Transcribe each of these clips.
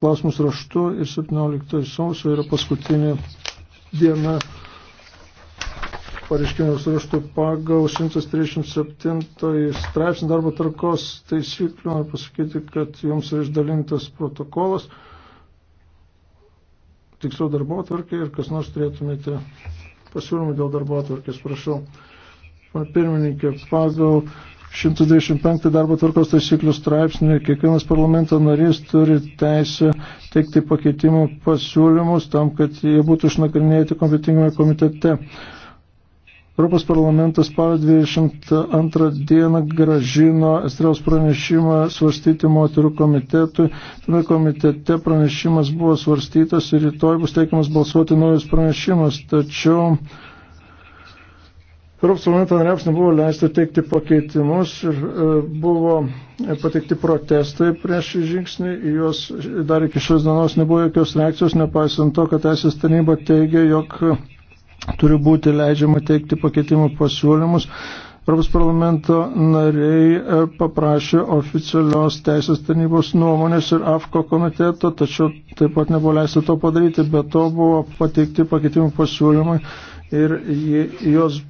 klausimus raštu ir 17 sausio yra paskutinė diena pareiškinimus raštu pagal 137 straipsnį darbo tarkos taisyklių. Noriu pasakyti, kad jums yra išdalintas protokolas, tiksliau darbo atvarkė ir kas nors turėtumėte pasiūlymų dėl darbo atvarkės, prašau. Pirmininkė, pagal 125 darbo tvarkos taisyklių straipsnį kiekvienas parlamento narys turi teisę teikti pakeitimų pasiūlymus tam, kad jie būtų išnagrinėti kompetingame komitete. Europos parlamentas spalio 22 dieną gražino Estrelos pranešimą svarstyti moterų komitetui. Tame komitete pranešimas buvo svarstytas ir rytoj bus teikiamas balsuoti naujas pranešimas, tačiau Europos parlamento nariams nebuvo leista teikti pakeitimus ir e, buvo e, pateikti protestai prieš šį žingsnį, į juos dar iki šios dienos nebuvo jokios reakcijos, nepaisant to, kad teisės taryba teigia, jog turi būti leidžiama teikti pakeitimų pasiūlymus. Europos parlamento nariai e, paprašė oficialios teisės tarnybos nuomonės ir AFKO komiteto, tačiau taip pat nebuvo leista to padaryti, bet to buvo pateikti pakeitimų pasiūlymai ir juos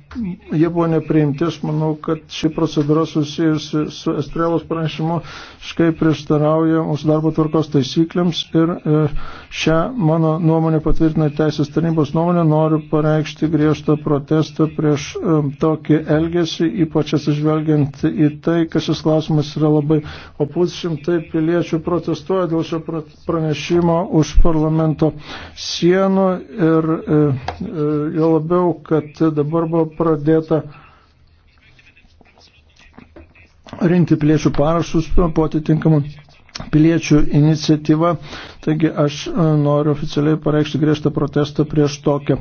jie buvo nepriimti. Aš manau, kad ši procedūra susijusi su Estrelos pranešimu škai prieštarauja mūsų darbo tvarkos taisyklėms ir e, šią mano nuomonę patvirtina Teisės tarnybos nuomonę. Noriu pareikšti griežtą protestą prieš e, tokį elgesį, ypač atsižvelgiant į tai, kad šis klausimas yra labai opus. Šimtai piliečių protestuoja dėl šio pranešimo už parlamento sienų ir e, jo labiau, kad dabar buvo pradėta rinkti piliečių parašus po atitinkamą piliečių iniciatyvą. Taigi aš e, noriu oficialiai pareikšti griežtą protestą prieš tokią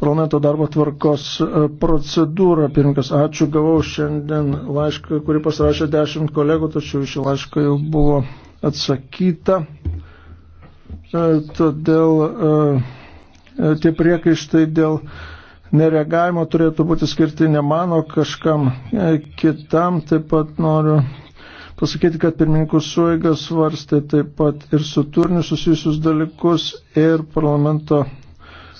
parlamento darbo tvarkos e, procedūrą. Pirmininkas, ačiū, gavau šiandien laišką, kurį pasirašė dešimt kolegų, tačiau šį laišką jau buvo atsakyta. E, todėl tie priekaištai dėl nereagavimo turėtų būti skirti ne mano kažkam e, kitam. Taip pat noriu pasakyti, kad pirmininkų suiga svarstė taip pat ir su turniu susijusius dalykus ir parlamento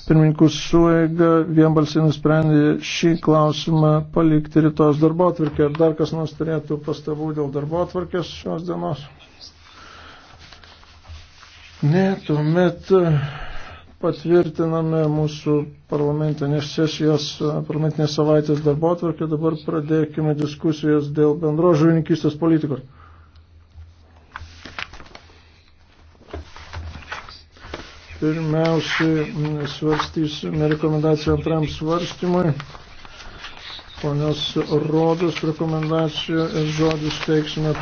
pirmininkų suiga vienbalsiai nusprendė šį klausimą palikti rytojus darbo atvarkę. Ar dar kas nors turėtų pastabų dėl darbo atvarkės šios dienos? Ne, tuomet patvirtiname mūsų parlamentinės sesijos, parlamentinės savaitės darbo atvarkę. Dabar pradėkime diskusijas dėl bendro žuvininkystės politikos. Pirmiausiai svarstysime rekomendaciją antram svarstymui. Ponios Rodos rekomendacijų ir žodžius teiksime.